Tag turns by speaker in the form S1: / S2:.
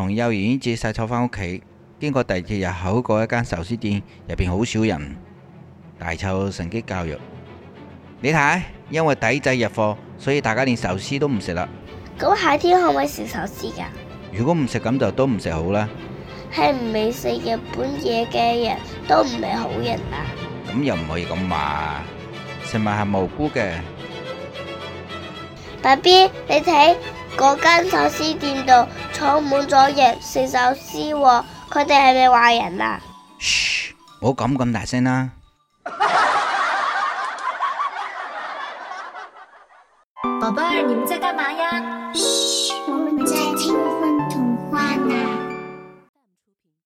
S1: 從幼兒園接細臭返屋企，經過地鐵入口嗰一間壽司店，入邊好少人。大臭趁機教育，你睇，因為抵制日貨，所以大家連壽司都唔食啦。
S2: 咁夏天可唔可以食壽司噶？
S1: 如果唔食咁就都唔食好啦。
S2: 係唔係食日本嘢嘅人都唔係好人啊？
S1: 咁又唔可以咁話，食物係無辜嘅。
S2: 爸比，你睇嗰間壽司店度。坐滿咗人，食壽司喎。哦，佢哋係咪壞人啊？嘘，
S1: 唔好講咁大聲啦，啊。寶貝兒，你們在幹嘛呀？嘘，我們在聽。